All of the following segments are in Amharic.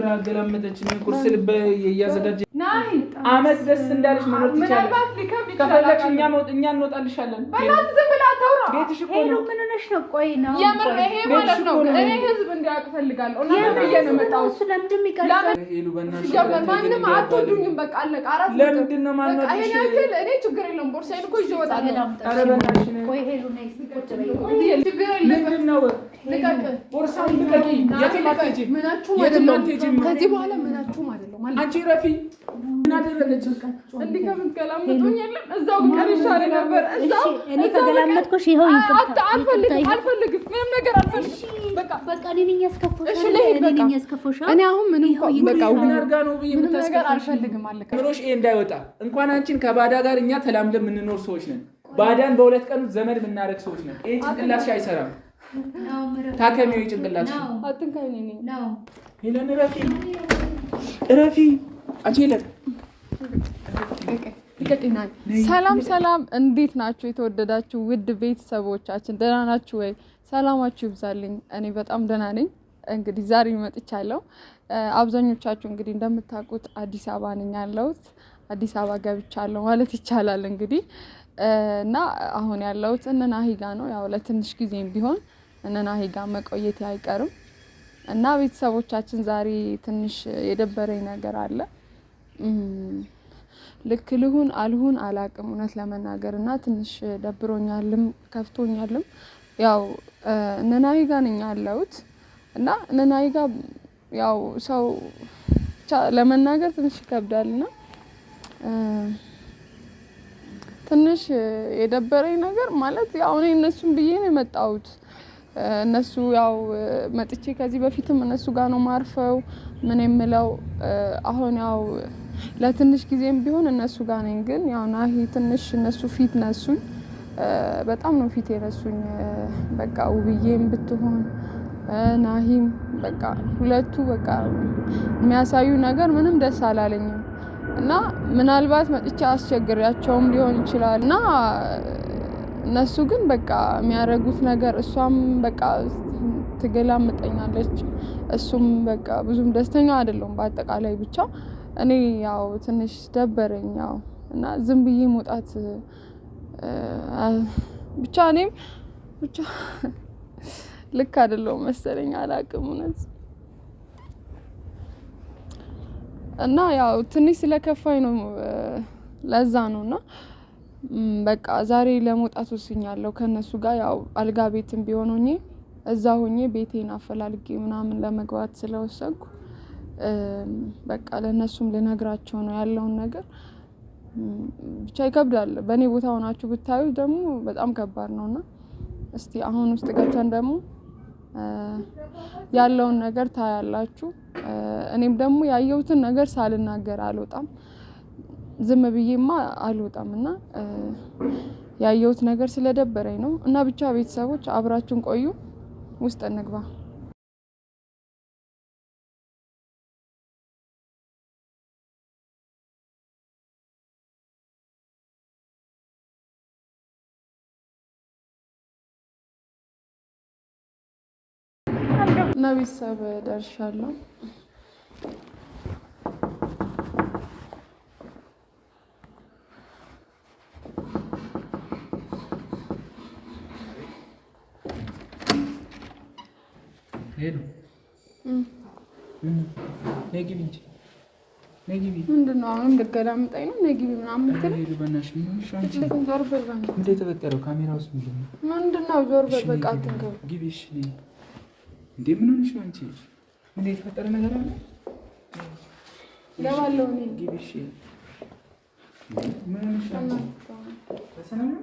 አገላመጠችን ቁርስ ልበ እያዘጋጀ አመት ደስ እንዳለች መኖር ትችያለሽ። ከፈለግሽ እኛ እንወጣልሻለን። ቤትሽ እኮ ነው። ምን ሆነሽ ነው? ቆይ ነው ማለት ነው። እኔ ህዝብ እንዲያውቅ እፈልጋለሁ። ማንም አትወዱኝም። በቃ አለቀ። ለምንድን ነው ማንወድሽ? እኔ ችግር የለውም። ቦርሳዬን እኮ ይዤ እወጣለሁ። ምንድን ነው? ቦርሳውን ልቀቂ። የትም አትሄጂም። ከዚህ በኋላ ምናችሁም አይደለም። አንቺ ረፊ እንዳይወጣ እንኳን አንቺን ከባዳ ጋር እኛ ተላምደ የምንኖር ሰዎች ነን። ባዳን በሁለት ቀን ዘመድ የምናደርግ ሰዎች ነን። ይህ ጭንቅላትሽ አይሰራም። ታከሚው ረፊ ረፊ አንቺ የለም ሰላም ሰላም፣ እንዴት ናችሁ? የተወደዳችሁ ውድ ቤተሰቦቻችን ደህና ናችሁ ወይ? ሰላማችሁ ይብዛልኝ። እኔ በጣም ደህና ነኝ። እንግዲህ ዛሬ መጥቻለሁ። አብዛኞቻችሁ እንግዲህ እንደምታውቁት አዲስ አበባ ነኝ ያለሁት። አዲስ አበባ ገብቻለሁ ማለት ይቻላል እንግዲህ እና አሁን ያለሁት እነናሂ ጋ ነው። ያው ለትንሽ ጊዜም ቢሆን እነናሂ ጋ መቆየት አይቀርም እና ቤተሰቦቻችን ዛሬ ትንሽ የደበረኝ ነገር አለ ልክ ልሁን አልሁን አላቅም እውነት ለመናገር እና ትንሽ ደብሮኛልም ከፍቶኛልም። ያው እነናይ ጋ ነኝ ያለሁት እና እነናይ ጋ ያው ሰው ለመናገር ትንሽ ይከብዳል እና ትንሽ የደበረኝ ነገር ማለት ያው እኔ እነሱን ብዬ ነው የመጣሁት። እነሱ ያው መጥቼ ከዚህ በፊትም እነሱ ጋር ነው ማርፈው ምን የምለው አሁን ያው ለትንሽ ጊዜም ቢሆን እነሱ ጋር ነኝ። ግን ያው ናሂ ትንሽ እነሱ ፊት ነሱኝ፣ በጣም ነው ፊት የነሱኝ። በቃ ውብዬም ብትሆን ናሂም በቃ ሁለቱ በቃ የሚያሳዩ ነገር ምንም ደስ አላለኝም እና ምናልባት መጥቻ አስቸግሪያቸውም ሊሆን ይችላል እና እነሱ ግን በቃ የሚያደርጉት ነገር እሷም በቃ ትገላምጠኛለች፣ እሱም በቃ ብዙም ደስተኛ አይደለሁም በአጠቃላይ ብቻ እኔ ያው ትንሽ ደበረኝ ያው እና ዝም ብዬ መውጣት ብቻ እኔም ብቻ ልክ አይደለሁም መሰለኝ አላውቅም እውነት እና ያው ትንሽ ስለከፋኝ ነው ለዛ ነው እና በቃ ዛሬ ለመውጣት ወስኛለሁ ከእነሱ ጋር ያው አልጋ ቤትም ቢሆን ሆኜ እዛ ሆኜ ቤቴን አፈላልጌ ምናምን ለመግባት ስለወሰንኩ በቃ ለእነሱም ልነግራቸው ነው ያለውን ነገር። ብቻ ይከብዳል። በእኔ ቦታ ሆናችሁ ብታዩት ደግሞ በጣም ከባድ ነው እና እስቲ አሁን ውስጥ ገብተን ደግሞ ያለውን ነገር ታያላችሁ። እኔም ደግሞ ያየሁትን ነገር ሳልናገር አልወጣም፣ ዝም ብዬማ አልወጣም እና ያየሁት ነገር ስለደበረኝ ነው እና ብቻ ቤተሰቦች አብራችን ቆዩ፣ ውስጥ እንግባ። ቤተሰብ ደርሻለሁ። ምንድን ነው አሁንም ልገላምጠኝ ነው? ነግቢ ምናምን ምትለኝ ዞር በል በእናትሽ። ምንድን ነው ዞር በል በቃ አትንገብ እንዴ ምን ሆነሽ ነው አንቺ? ምን የተፈጠረ ነገር አለ? ገባለሁ እኔ ግቢሽ። ምን ሆነሽ ነው? ምን ተፈጥሮ ነው?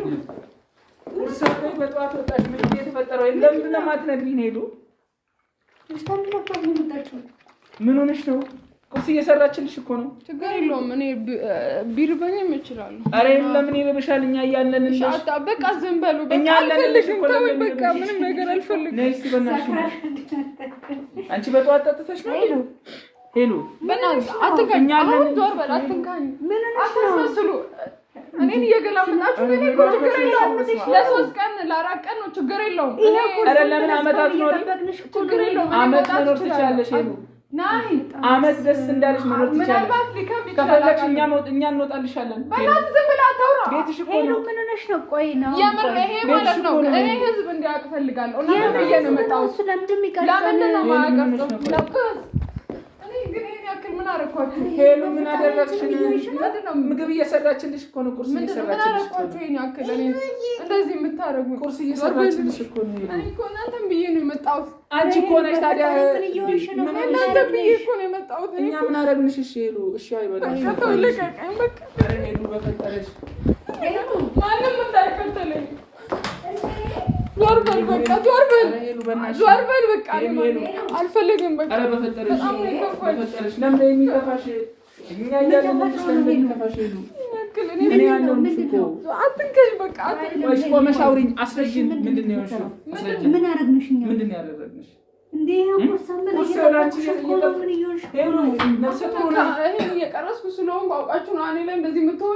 ሰርተሽ በጠዋት ወጣሽ። ምንድን ነው የተፈጠረው? ለምንድን ነው የማትነግሪኝ? ሄዱ ምን ሆነሽ ነው? ቁርስ እየሰራችልሽ እኮ ነው። ችግር የለውም። እኔ ቢርበኝም እችላለሁ። ኧረ የለም እኔ እልብሻል። እኛ እያለን በቃ ዝም በሉ። እኛ አልፈልግም። ተወኝ በቃ ምንም ነገር አልፈልግም። አንቺ በጠዋት ጠጥተሽ ነው ሄሉ ሄሉ እኔን እየገላመጣችሁ እኔ እኮ ችግር የለውም። ለሶስት ቀን ለአራት ቀን ነው ችግር የለውም። ለምን አመታት ኖሪ ችግር የለውም። አመት መኖር ትችላለሽ። አመት ደስ እንዳለሽ መኖር ትችላለሽ። ከፈለግሽ እኛ እንወጣልሻለን። ዝም ብላ አታውራ። ቤትሽ እኮ ነው። ምን ሆነሽ ነው? ቆይ ነው የምር ይሄ ማለት ነው። እኔ ህዝብ እንዲያውቅ እፈልጋለሁ። ለምንድን ነው የማያውቀው? ምን አደረኳችሁ? ሄሉ ምን አደረግሽን? ምግብ እየሰራችልሽ እኮ ነው። ቁርስ እየሰራችልሽ እኮ ነው። እንደዚህ የምታደርጉ ቁርስ እየሰራችልሽ እኮ ነው። እናንተም ብዬ ነው የመጣሁት። አንቺ እኮ ነሽ ታዲያ። እናንተ ብዬ እኮ ነው የመጣሁት። እኛ ምን አደረግንሽ? እሺ ሄሉ፣ እሺ አይበላሽ። ተው ልቀቀኝ በቃ። ሄሉ በፈጠረሽ ማንም ዞር በል በቃ ዞር በል ዞር በል በቃ አልፈለግም። በቃ አትንከሽ። በቃ እሺ፣ ቆመሽ አውሪኝ፣ አስረጅን። ምንድን ነው የሆንሽው? ምን አደረግንሽ? እኛ ምንድን ነው ያደረግንሽ? እየቀረስኩ ስለሆንኩ አውቃችሁ ነው እኔ ላይ እንደዚህ የምትሆኑ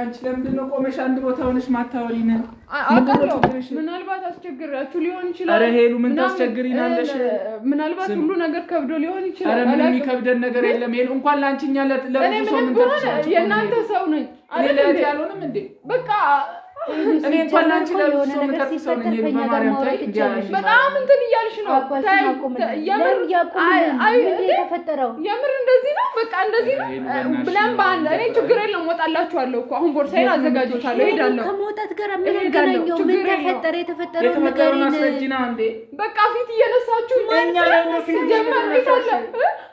አንቺ ለምንድን ነው ቆመሽ አንድ ቦታ ሆነሽ ማታወሪን? ምናልባት አስቸግራችሁ ሊሆን ይችላል። ኧረ ሄሉ ምን ታስቸግሪናለሽ? ምናልባት ሁሉ ነገር ከብዶ ሊሆን ይችላል። ኧረ ምንም የሚከብደን ነገር የለም። ሄሉ እንኳን ለአንቺ እኛ ለብዙ ሰው የእናንተ ሰው ነኝ። እኔ ለእህቴ እንዴ በቃ እኔ እንኳን አንቺ ለብሶ ምጠቅሶ ነኝ በማርያም ታይ በጣም እንትን እያልሽ ነው። ተፈጠረው የምር እንደዚህ ነው። በቃ እንደዚህ ነው ብለን በአንድ እኔ ችግር የለም እወጣላችኋለሁ እኮ አሁን ቦርሳዬን አዘጋጅቻለሁ እሄዳለሁ። ከመውጣት ጋር ምን ገናኘው? ምን ተፈጠረ? የተፈጠረው ነገር በቃ ፊት እየነሳችሁ ጀመር ቤት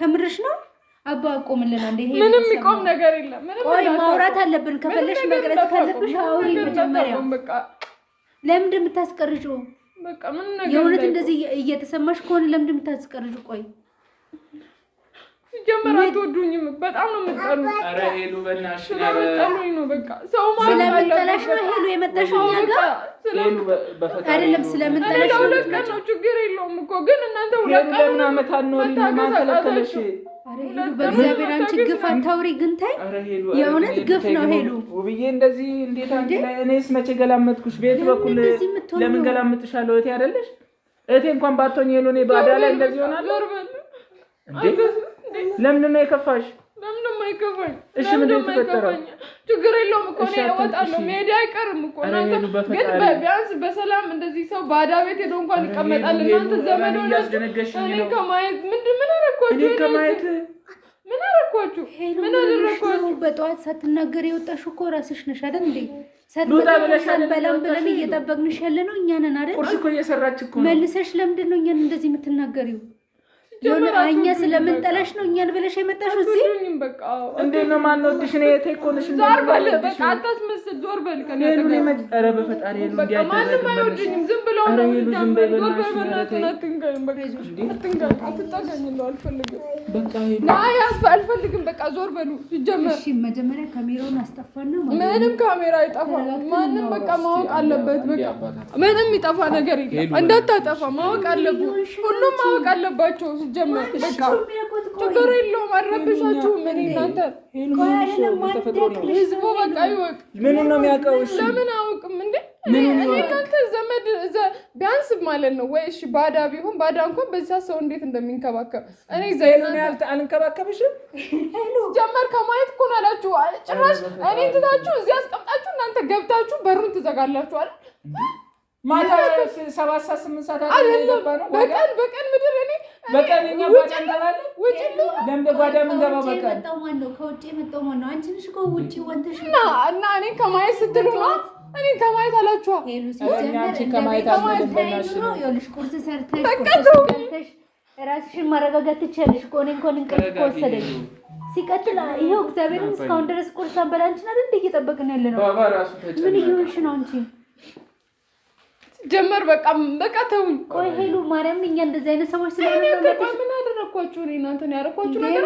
ከምርሽ ነው አባ አቆምልና እንዴ ምንም ይቆም ነገር የለም። ምንም ቆይ ማውራት አለብን። ከፈለሽ መቅረጽ ካለብሽ አውሪ። መጀመሪያ ለምንድን የምታስቀርጪው? በቃ ምን ነገር የእውነት እንደዚህ እየተሰማሽ ከሆነ ለምንድን የምታስቀርጪው? ቆይ ሲጀመር አትወዱኝም። በጣም ነው የምጠሉ። ኧረ ሄሉ በእናትሽ ስለምጠሉኝ ነው። በቃ ሰው ስለምጠላሽ ነው ሄሉ የመጣሽው አይደለም። ስለምጠላሽ ነው። ሁለት ቀን ነው ችግር የለውም እኮ ግን እናንተ ሁለት ቀን ነው መታታለሽ። በእግዚአብሔር አንቺ ግፍ አታውሪ፣ ግን ተይ፣ የእውነት ግፍ ነው ሄሉ ውብዬ። እንደዚህ እንዴት አንቺ ላይ እኔስ መቼ ገላመጥኩሽ? ቤት በኩል ለምን ገላመጥሻለሁ? እህቴ አይደለሽ? እህቴ እንኳን ባትሆኝ ሄሉ እኔ ባዳ ላይ እንደዚህ ሆናለሁ። ለምን ነው የከፋሽ? ነው አይከፋኝ። እሺ ምን ነው ተፈጠረው? ችግር የለውም እኮ እኔ እወጣለሁ። መሄዴ አይቀርም እኮ እናንተ። ግን ቢያንስ በሰላም እንደዚህ ሰው ባዳ ቤት ሄዶ እንኳን ይቀመጣል። እናንተ ዘመድ ሆናችሁ እኔ ከማየት ምንድን ምን አደረኳችሁ? እኔ ከማየት ምን አደረኳችሁ? ምን አደረኳችሁ? በጠዋት ሳትናገር የወጣሽው እኮ ራስሽ ነሽ አይደል እንዴ? ሳትበላም ብለን እየጠበቅንሽ ያለ ነው እኛ ነን አይደል? ቁርስ እኮ እየሰራች እኮ መልሰሽ፣ ለምንድን ነው እኛን እንደዚህ የምትናገሪው? እኛ ስለምንጠላሽ ነው እኛን ብለሽ የመጣሽው እዚህ። እንዴት ነው ማን ማንወድሽ? እኔ እህቴ እኮ ነሽ። ዞር በል በቃ አታስመስል። ዞር በል ከእኔ አጠገብ። ኧረ በፈጣሪ ማንም አይወድኝም። ዝም ብለው ነው በል አልፈልግም። በቃ ዞር በሉ። ሲጀመር መጀመሪያ ካሜራውን አስጠፋና ምንም ካሜራ አይጠፋም። ማንም በቃ ማወቅ አለበት። በቃ ምንም ይጠፋ ነገር የለም። እንዳታጠፋ ማወቅ አለበት። ሁሉም ማወቅ አለባቸው። ሲጀመር ችግር የለውም። አረብሻችሁም እናንተ ህዝቡ በቃ ይወቅ። ነው የሚያውቀው? ለምን አውቅም እንዴ እናንተ ዘመድ ቢያንስ ማለት ነው ወይ? እሺ ባዳ ቢሆን ባዳ እንኳን ሰው እንዴት እንደሚንከባከብ እኔ አልንከባከብሽም። ጀመር ከማየት እኮ ነው አላችሁ። ጭራሽ እኔ እዚህ አስቀምጣችሁ እናንተ ገብታችሁ በሩን ትዘጋላችኋል። ማታ ሰባት ሰዓት ስምንት ሰዓት በቀን በቀን ምድር እኔ በቃ ለኛ ውጭ ለምደ ጓዳ የምንገባው በቃ ከውጭ አንቺ ወንተሽ እና እኔ ከማየት ነው። እኔ ከማየት ሰርተሽ ራስሽን ማረጋጋት ትችያለሽ እኮ። እኔ እንኳን እንቅልፍ እኮ ሲቀጥል ይኸው እግዚአብሔርን እስካሁን ድረስ ቁርስ አንበላ አንቺን አይደል እየጠበቅን ያለ ነው። ምን እየሆንሽ ነው አንቺ? ጀመር በቃ በቃ ተውኝ። ቆይ ሄሉ ማርያም፣ እኛ እንደዚህ አይነት ሰዎች ስለሆነ ምን አደረግኳችሁ? እኔ እናንተን ያደረግኳችሁ ነገር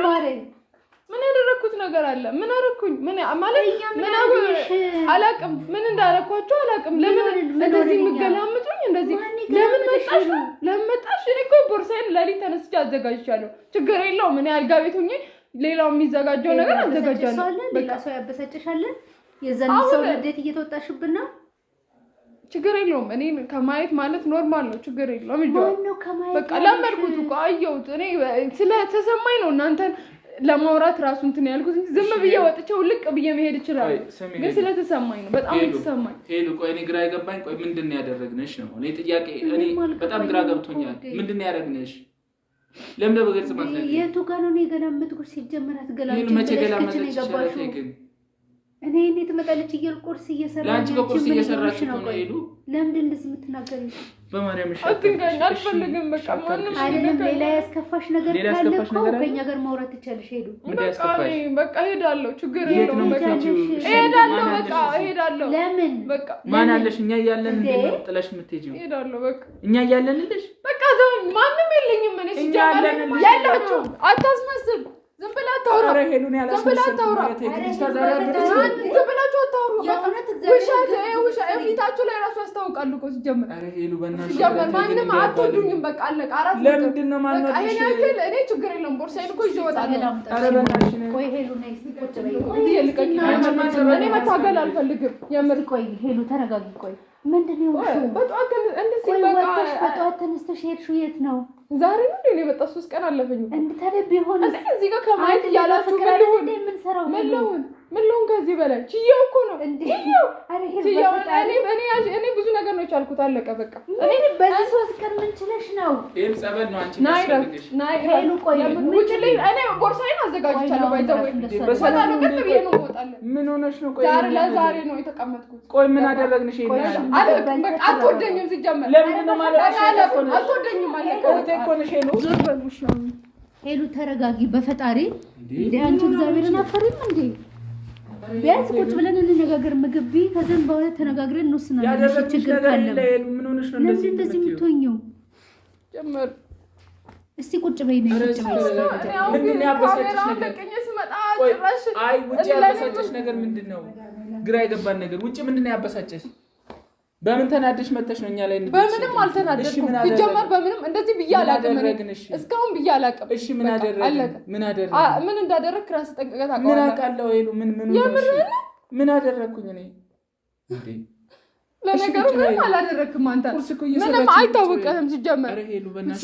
ምን ያደረግኩት ነገር አለ? ምን አደረግኩኝ? ምን ማለት ምን አላውቅም። ምን እንዳደረግኳችሁ አላውቅም። ለምን እንደዚህ የምገላምጡኝ? እንደዚህ ለምን መጣሽ? ለምን መጣሽ? እኔ እኮ ቦርሳዬን ለሊት ተነስቼ አዘጋጅቻለሁ። ችግር የለውም። እኔ አልጋ ቤት ሆኜ ሌላው የሚዘጋጀው ነገር አዘጋጃለሁ። በቃ ሰው ያበሳጭሻለን። የዛን ሰው ልደት እየተወጣሽብን ነው ችግር የለውም። እኔ ከማየት ማለት ኖርማል ነው፣ ችግር የለውም። በቃ ለመድኩት እኮ አየሁት። እኔ ስለተሰማኝ ነው እናንተን ለማውራት ራሱ እንትን ያልኩት እንጂ ዝም ብዬ ወጥቼው ልቅ ብዬ መሄድ ይችላል፣ ግን ስለተሰማኝ ነው። በጣም የተሰማኝ ሄሉ። ቆይ እኔ ግራ የገባኝ ቆይ ምንድን ነው ያደረግንሽ ነው? እኔ ጥያቄ እኔ በጣም ግራ ገብቶኛል። ምንድን ነው ያደረግንሽ? ለምን በግልጽ ማለት የቱ ጋር ነው እኔ ገላመጥኩሽ? ሲጀመር አትገላመጥኩሽ። መቼ ገላመጥኩሽ? እኔ እንዴት ትመጣለች እየል ቁርስ እየሰራች ለአንቺ በቁርስ እየሰራች ነው። ሄዱ ለምንድን እንደዚህ የምትናገር? በማርያም አትንገኝ፣ አልፈልግም። በቃ ማንም አይደለም። ሌላ ያስከፋሽ ነገር ካለ እኮ ከእኛ ጋር ማውራት ትቻለሽ። ሄዱ በቃ ሄዳለሁ፣ ችግር የለውም። በቃ ሄዳለሁ፣ በቃ ሄዳለሁ። ለምን በቃ ማን አለሽ? እኛ እያለን እንዴት ጥለሽ የምትሄጂው? ሄዳለሁ፣ በቃ እኛ እያለንልሽ። በቃ ማንም የለኝም እኔ ሲጀመር ያላችሁ አታስመስል ዝም ብላ አታውራ። ሄሉን ፊታችሁ ላይ ራሱ ያስታውቃሉ እኮ ሲጀምር ማንም አትወዱኝም። በቃ አለቀ። አራት ያክል እኔ ችግር የለውም። ቦርሳዬን እኮ ይዤ እወጣለሁ። እኔ መታገል አልፈልግም። የምር ቆይ ሄሉ ተረጋጊ። ቆይ ምንድን ነው በጠዋት ተነስተሽ ሄድሽው? የት ነው? ዛሬ ነው የመጣ ሶስት ቀን አለፈኝ። እንድታደብ የሆነ እዚህ ጋር ከማየት እያላችሁ ምን ልሆን ምን ልሆን ከዚህ በላይ ችዬው እኮ ነው። ብዙ ነገር ነው የቻልኩት። አለቀ በቃ። በዚህ ሦስት ቀን ምን ችለሽ ነው? ቦርሳዬን አዘጋጅቻለሁ። ምን ሆነሽ ነው? ለዛሬ ነው የተቀመጥኩት። ቆይ ምን አደረግንሽ? አትወደኝም ሲጀመር። ነው ማለት አትወደኝም? ሄሉ ተረጋጊ፣ በፈጣሪ እንደ አንቺ እግዚአብሔርን አፈሪም እንዴ ቢያንስ ቁጭ ብለን እንነጋገር። ምግብ ቤት ከዘን በኋላ ተነጋግረን እንወስናለን። ችግር ካለ ለምን እንደዚህ የምትሆኘው? እስቲ ቁጭ በይ ነው ቁጭ በይ። አይ ውጭ ያበሳጨሽ ነገር ምንድን ነው? ግራ የገባን ነገር ውጭ ምንድን ነው ያበሳጨሽ? በምን ተናደሽ መተሽ ነው እኛ ላይ? በምንም አልተናደድኩም። ሲጀመር በምንም እንደዚህ ብዬ አላቅም። እስካሁን ብዬ አላቅም። እሺ ምን አደረግን? ምን አደረግን? ምን እንዳደረግክ ራስህ ጠንቅቀህ ታውቀዋለህ። ምን አውቃለሁ? ሄሉ ምን ምን ምን አደረግኩኝ እኔ? ለነገሩ ምንም አላደረግክም አንተ። ምንም አይታወቅህም ሲጀመር።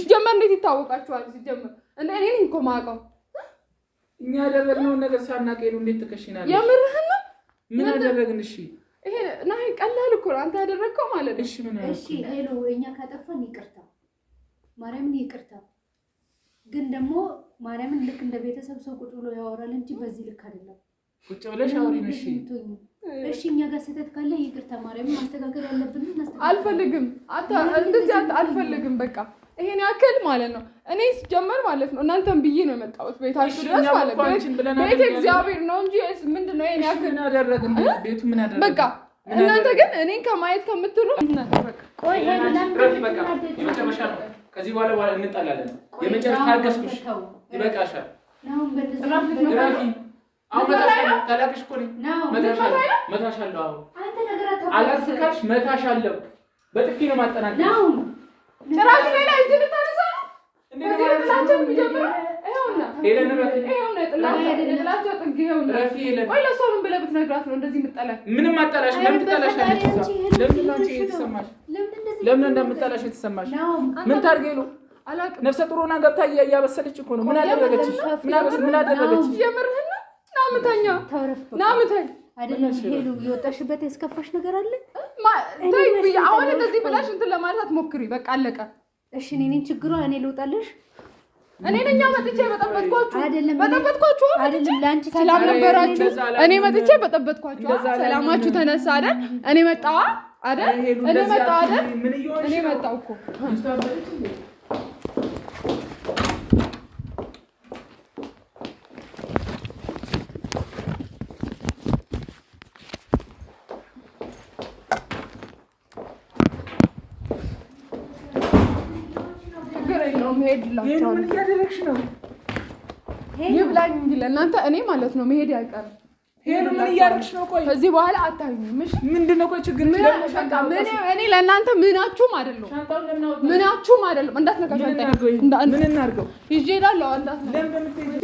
ሲጀመር እንዴት ይታወቃችኋል? ሲጀመር እኔ እኔን እኮ የማውቀው እኛ ያደረግነውን ነገር ሳናውቅ እንዴት ትከሽናለሽ? የምርህን ምን አደረግን? እሺ ይሄ ናይ ቀላል እኮ አንተ ያደረግከው ማለት ነው። እሺ ምን እሺ፣ ሄሎ እኛ ካጠፋን ይቅርታ፣ ማርያምን ይቅርታ። ግን ደግሞ ማርያምን ልክ እንደ ቤተሰብ ሰው ቁጭ ብሎ ያወራል እንጂ በዚህ ልክ አይደለም። ቁጭ ብለሽ አውሪን። እሺ እሺ፣ እኛ ጋር ስህተት ካለ ይቅርታ። ማርያምን ማስተካከል ያለብን አልፈልግም፣ አታ እንደዚህ አልፈልግም፣ በቃ ይሄን ያክል ማለት ነው። እኔ ሲጀመር ማለት ነው እናንተን ብዬ ነው የመጣሁት ቤታችሁ ድረስ ማለት ነው። ቤት እግዚአብሔር ነው እንጂ ምንድን ነው ይሄን ያክል ቤቱ ምን በቃ እናንተ ግን እኔን ከማየት ከምትሉ ከዚህ በኋላ የመጨረሻ ታገስኩሽ፣ ይበቃሻል። መታሻለሁ። በጥፊ ነው ማጠናቀቅ ጭራሽ ሌላ እጅ ልታነሳ ነው። በዚህ ጥላቸው የሚጀምረው ብለህ ብትነግራት ነው እንደዚህ የምጠላሽ? ምንም አጠላሽ። ለምን ትጠላሽ? ለምን እንደምጠላሽ የተሰማሽ ምን ታድርጌ ነው? ነፍሰ ጥሩ ሆና ገብታ እያበሰለች እኮ ነው። ምን አደረገችሽ? ምን አደረገችሽ? የምርህን ናምተኛ ናምተኝ አይደለም። ሄሉ የወጣሽበት ያስከፋሽ ነገር አለ አሁን እንደዚህ ብለሽ እንትን ለማለት አትሞክሪ። በቃ አለቀ። እሺ እኔ ችግሯ። እኔ ልውጠልሽ እኔ ነኝ መጥቼ በጠበጥኳችሁ። አይደለም በጠበጥኳችሁ አይደለም፣ ላንቺ ሰላም ነበራችሁ። እኔ መጥቼ በጠበጥኳችሁ፣ ሰላማችሁ ተነሳ አይደል? እኔ መጣሁ አይደል? እኔ መጣሁ አይደል? እኔ መጣሁ እኮ ችግር ይብላኝ እንጂ ለእናንተ እኔ ማለት ነው መሄድ አይቀርም። ሄሉ ምን እያደረግሽ ነው? ቆይ ከዚህ በኋላ አታዩኝም። እሺ ምንድን ነው? ቆይ ችግር ምን እኔ ለእናንተ ምናችሁም አይደለሁም፣ ምናችሁም አይደለሁም። እንዳትነካ ምን እናድርገው? ይዤ እሄዳለሁ። ምናችሁም አይደለሁም።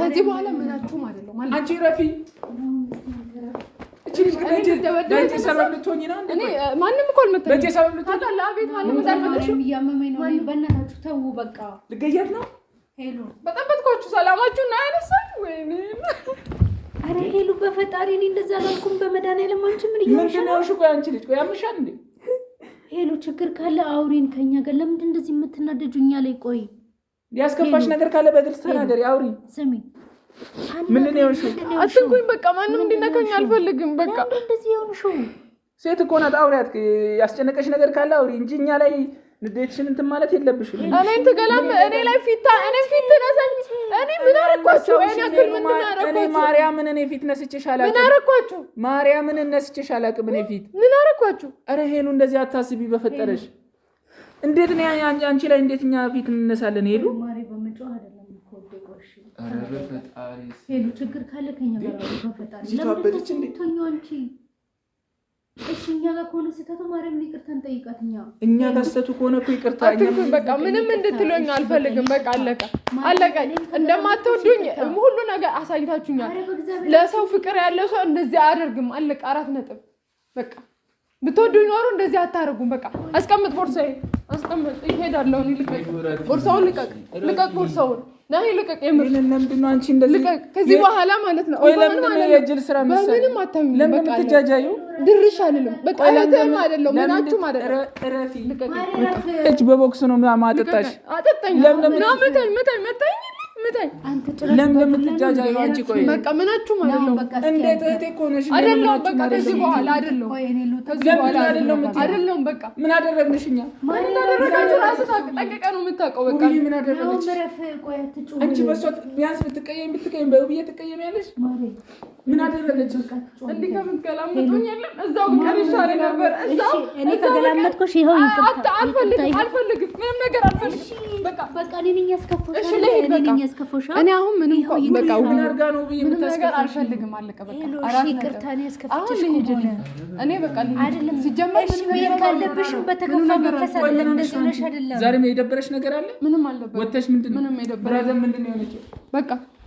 ከዚህ በኋላ ምናችሁም አይደለሁም። አንቺ ረፊ ማንም እኮ ልገያት ነው። በጣም በትኳችሁ ሰላማችሁ እና አይነሳል ኧረ ሄሉ በፈጣሪ እኔ እንደዛ አላልኩም። በመድኃኒዓለም አንቺ ምን እያልሽ ነው? አንቺ ልጅ ቆይ አምሻል እንዴ ሄሉ፣ ችግር ካለ አውሪን ከኛ ጋር። ለምንድን እንደዚህ የምትናደጁ ላይ? ቆይ ያስከፋሽ ነገር ካለ በግልጽ ተናገሪ፣ አውሪ። ስሚ ምንድን ነው የሆንሽው? አትንኩኝ። በቃ ማንም እንዲነካኝ አልፈልግም። በቃ እንደዚህ የሆንሽው ሴት እኮ ናት። አውሪያት። ያስጨነቀሽ ነገር ካለ አውሪ እንጂ እኛ ላይ ንዴትሽን እንትን ማለት የለብሽም። እኔን ትገላም እኔ ላይ ፊታ እኔ ፊት ነሳኝ። እኔ ምን አረኳችሁ? እኔ አክል ምን አረኳችሁ? እኔ ማርያምን እኔ ፊት ነስቼሽ አላውቅም። ምን አረኳችሁ? ማርያምን ነስቼሽ አላውቅም። እኔ ፊት ምን አረኳችሁ? ኧረ ሄሉ እንደዚህ አታስቢ በፈጠረሽ። እንዴት ነው አንቺ ላይ እንዴት እኛ ፊት እንነሳለን ሄሉ ሄሉ ችግር ካለ ከኛ ጋር እሺ እኛ ጋር ከሆነ ስህተቱ ማርያም ይቅርታ እንጠይቃት። እኛ እኛ ጋር ስህተቱ ከሆነ እኮ ይቅርታ አትልም። በቃ ምንም እንድትለኝ አልፈልግም። በቃ አለቀ አለቀ። እንደማትወዱኝ ሁሉ ነገር አሳይታችሁኛል። ለሰው ፍቅር ያለው ሰው እንደዚህ አያደርግም። አለቀ። አራት ነጥብ። በቃ ብትወዱኝ ኖሩ እንደዚህ አታደርጉም። በቃ አስቀምጥ ቦርሳዬ፣ አስቀምጥ። ይሄዳለሁ። ልቀቅ ቦርሳውን፣ ልቀቅ፣ ልቀቅ ቦርሳውን ናሂ ልቀቅ፣ የምር ለምንድን ነው አንቺ እንደዚህ? ልቀቅ ከዚህ በኋላ ማለት ነው። ነው የጅል ስራ በምንም አታዩኝ። ለምን ትጃጃዩ? ድርሽ አልልም። በቃ ለተም አይደለም። ምናችሁም አይደለም። ረፊ ልቀቅ። በቦክስ ነው ማጠጣሽ። አጠጣኝ። ለምን ነው ምተኝ ምተኝ መታኝ ምታኝ አንተ ጭራሽ ለምን ለምትጃጃይ ነው? አንቺ ቆይ በቃ ምናችሁም አይደለም። እንደ እህቴ እኮ ነሽ። አይደለም በቃ ከዚህ በኋላ አይደለም። አይደለም በቃ ምን አደረግንሽ? እኛ ምን እንዳደረጋችሁ ራሱ ጠንቅቀ ነው የምታውቀው። በቃ ምን አደረግንሽ? አንቺ በሷ ቢያንስ ብትቀየም ብትቀየም በውብዬ ትቀየሚያለሽ ምን አደረገች? እንዲህ ከምትገላመጡኝ የለም እዛው ነበር። አልፈልግም፣ አልፈልግም፣ ምንም ነገር አልፈልግም። እኔ አሁን ምንም በቃ ምን አድርጋ ነው ብዬ ነገር አልፈልግም። አለቀ በቃ። እኔ በቃ ካለብሽም በተከፋ መንፈስ አይደለም እንደዚህ ብለሽ አይደለም። ዛሬም የደበረሽ ነገር አለ? ምንም አልደበረሽ። ወተሽ ምንድን ነው ምንም የደበረሽ? ምንድን ነው የሆነችው? በቃ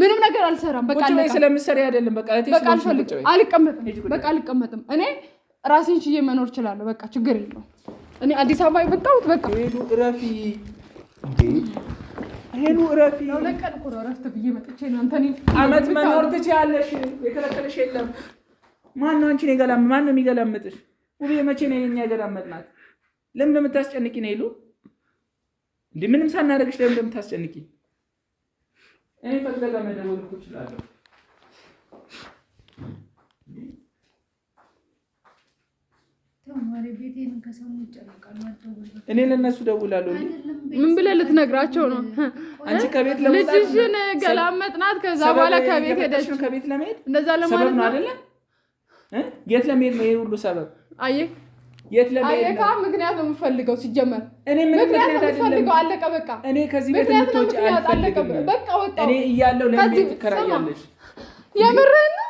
ምንም ነገር አልሰራም። በቃ አይደለም። በቃ አልቀመጥም። በቃ አልቀመጥም። እኔ ራሴን ችዬ መኖር እችላለሁ። በቃ ችግር የለው። እኔ አዲስ አበባ የመጣሁት በቃ ሄሉ እረፊ፣ ሄሉ እረፊ። እረፍት ብዬ መጥቼ አመት መኖር ትችያለሽ። የከለከለሽ የለም። ማነው አንቺን የሚገላምጥሽ? መቼ ነው የኛ የገላመጥናት? ለምን እንደምታስጨንቂ ነው ሄሉ? እንደ ምንም ሳናደርግሽ ለምን እንደምታስጨንቂ እኔ ፈለጋ መደወል እኮ እችላለሁ። እኔ ለእነሱ ደውላለሁ። ምን ብለህ ልትነግራቸው ነው? አንቺ ከቤት ለመውጣት ልጅሽን ገላመጥናት። ከዛ በኋላ ከቤት ሄደች። ከቤት ለመሄድ እንደዛ ለማለት ነው አይደለ? የት ለመሄድ ነው? ይሄ ሁሉ ሰበብ አየህ የት ለመሄድ ምክንያት ነው የምፈልገው። ሲጀመር እኔ ምንም ምክንያት አይደለም። አለቀ በቃ። እኔ ከዚህ ቤት እንድትወጪ አልፈልግም። በቃ ወጣሁ። እኔ እያለሁ ለምን ትከራያለሽ? የምርህን ነው?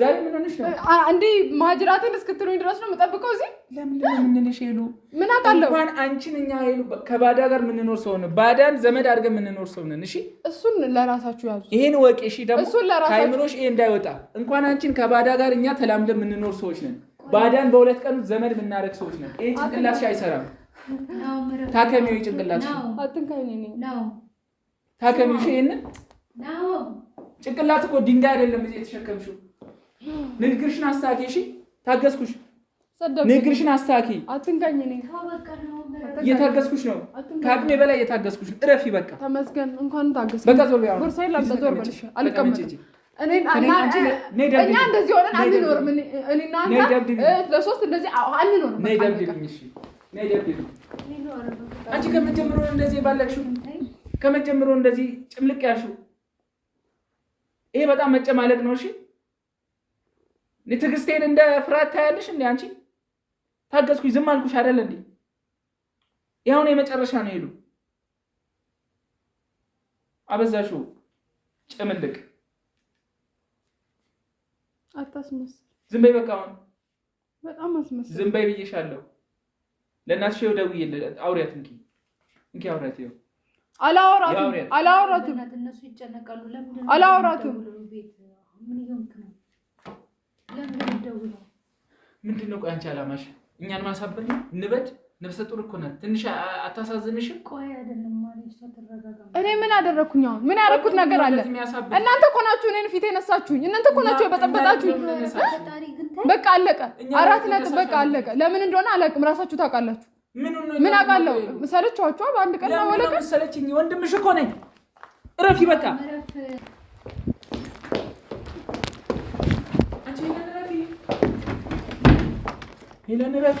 ዛሬ ምን ሆነሽ ነው እንዴ? ማጅራትን እስክትሉኝ ድረስ ነው የምጠብቀው እዚህ። ለምንድን ነው የምንልሽ? ሄሉ ምን አውቃለሁ። እንኳን አንቺን እኛ ሄሉ ከባዳ ጋር የምንኖር ሰው ነን። ባዳን ዘመድ አድርገን የምንኖር ሰው ነን። እሺ፣ እሱን ለራሳችሁ ያዙ። ይሄን ወቄ። እሺ፣ ደግሞ ከአይምሮሽ ይሄ እንዳይወጣ። እንኳን አንቺን ከባዳ ጋር እኛ ተላምደን የምንኖር ሰዎች ነን። ባዳን በሁለት ቀን ዘመድ የምናደርግ ሰዎች ነን። ይህ ጭንቅላትሽ አይሰራም። ታከሚው ጭንቅላትሽ ታከሚው። ይህንን ጭንቅላት እኮ ድንጋይ አይደለም እዚህ የተሸከምሽው። ንግግርሽን አስታኪ። እሺ ታገዝኩሽ። ንግግርሽን አስታኪ። እየታገዝኩሽ ነው። ከአቅሜ በላይ እየታገዝኩሽ። እረፊ በቃ። ተመስገን። እንኳን ታገዝኩ። በቃ ዞር በያ እኛ እንደዚህ ሆነን አንኖርም። እኔና ለሶስት እንደዚህ አንኖርም። አንቺ ከመጀመሩ እንደዚህ ባለቅሽው ከመጀመሩ እንደዚህ ጭምልቅ ያልሽው ይሄ በጣም መጨማለቅ ነው። እሺ ትዕግስቴን እንደ ፍርሃት ታያለሽ እንዴ? አንቺ ታገዝኩሽ፣ ዝም አልኩሽ እንዴ? የመጨረሻ ነው። ሄዱ አበዛሽው ጭምልቅ አታስመስል። ዝም በይ በቃ። አሁን በጣም አስመስል። ዝም በይ ብዬሻለሁ። ለእናትሽ ይኸው አውሪያት። እንኪ እንኪ አውሪያት። ይኸው አላወራትም፣ አላወራትም። እነሱ ይጨነቃሉ። ለምን አላወራትም? ምንድን ነው ቆይ፣ አንቺ አላማሽ እኛን ንበድ ነፍሰ ጡር እኮ ናት። ትንሽ አታሳዝንሽም? እኔ ምን አደረግኩኝ? አሁን ምን ያደረግኩት ነገር አለ? እናንተ እኮ ናችሁ እኔን ፊት የነሳችሁኝ። እናንተ እኮ ናችሁ የበጠበጣችሁኝ። በቃ አለቀ። አራት ነጥብ። በቃ አለቀ። ለምን እንደሆነ አላውቅም። ራሳችሁ ታውቃላችሁ። ምን አውቃለሁ? ሰለችኋቸዋ። በአንድ ቀን ወለቀ ሰለችኝ። ወንድምሽ እኮ ነኝ። እረፊ በቃ ሄለን፣ እረፊ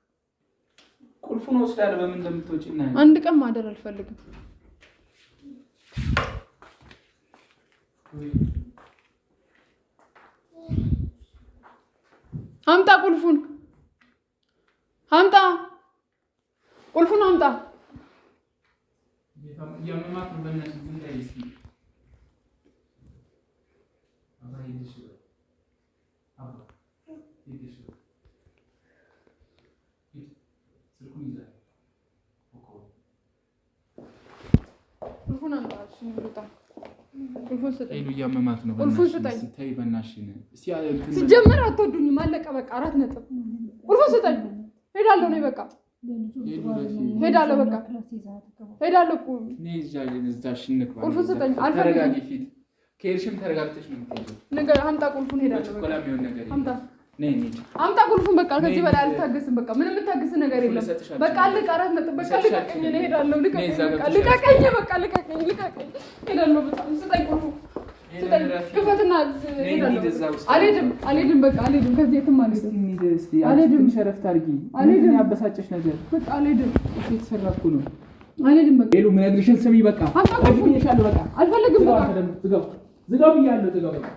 ቁልፉን ወስዳለሁ። በምን እንደምትወጪ እናያለን። አንድ ቀን ማደር አልፈልግም። አምጣ ቁልፉን፣ አምጣ ቁልፉን፣ አምጣ ቁልፉን እያመማት ነው። ሲጀመር አትወዱኝም። አለቀ በቃ አራት ነጥብ። ቁልፉን ስጠኝ። ሄዳለሁ ነው በቃ ሄዳለሁ። በቃ ሄዳለሁ። ቁልፉን ስጠኝ። አልፈልግም። ከሄድሽም ተረጋግተሽ ነው። አምጣ ቁልፉን። ሄዳለሁ። አምጣ አምጣ ቁልፉን። በቃ ከዚህ በላይ አልታገስም። በቃ ምንም የምታገስ ነገር የለም። በቃ ልቀረት በቃ ልቀቀኝ፣ እሄዳለሁ። ልቀቀኝ፣ በቃ ልቀቀኝ፣ ልቀቀኝ፣ እሄዳለሁ። በጣም ስጠኝ፣ ቁልፉ ያበሳጨሽ ነገር ነው። አልሄድም፣ በቃ ስሚ፣ በቃ አልፈልግም፣ በቃ ዝጋው፣ ብያለሁ፣ ዝጋው በቃ